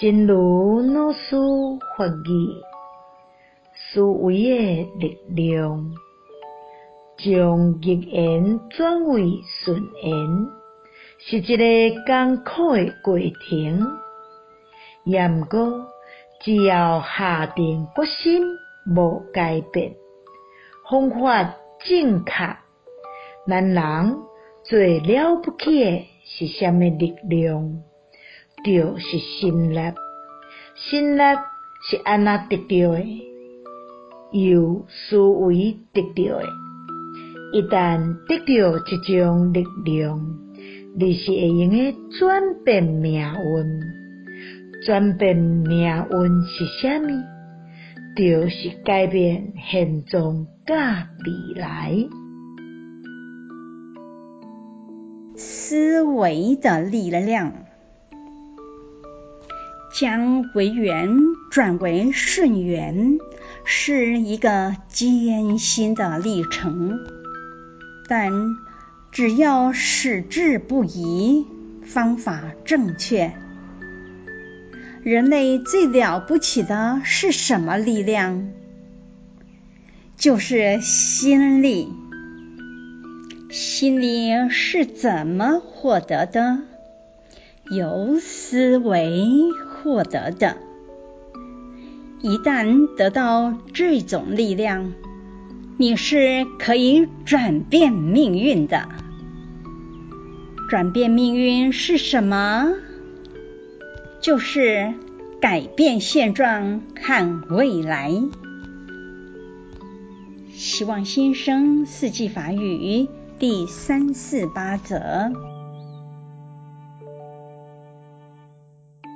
正如老師佛言，思維的力量將違緣轉為順緣，是一個艱苦誒過程。不過，只要下定決心，無改變，方法正確，咱人，人最了不起誒是什麼力量？着是心力，心力是安怎得到的？由思維得到的。一旦得到這種力量，你是會用誒轉變命運。轉變命運是蝦米？着、就是改變現狀，甲未來。思維的力量。將違緣轉為順緣，是一個艱辛的歷程，但只要矢志不移，方法正確，人類最了不起的是什麼力量？就是心力。心力是怎麼獲得的？由思維。獲得的，一旦得到這種力量，你是可以轉變命運的。轉變命運是什麼？就是改變現狀和未來。希望新生四季法語第三四八則。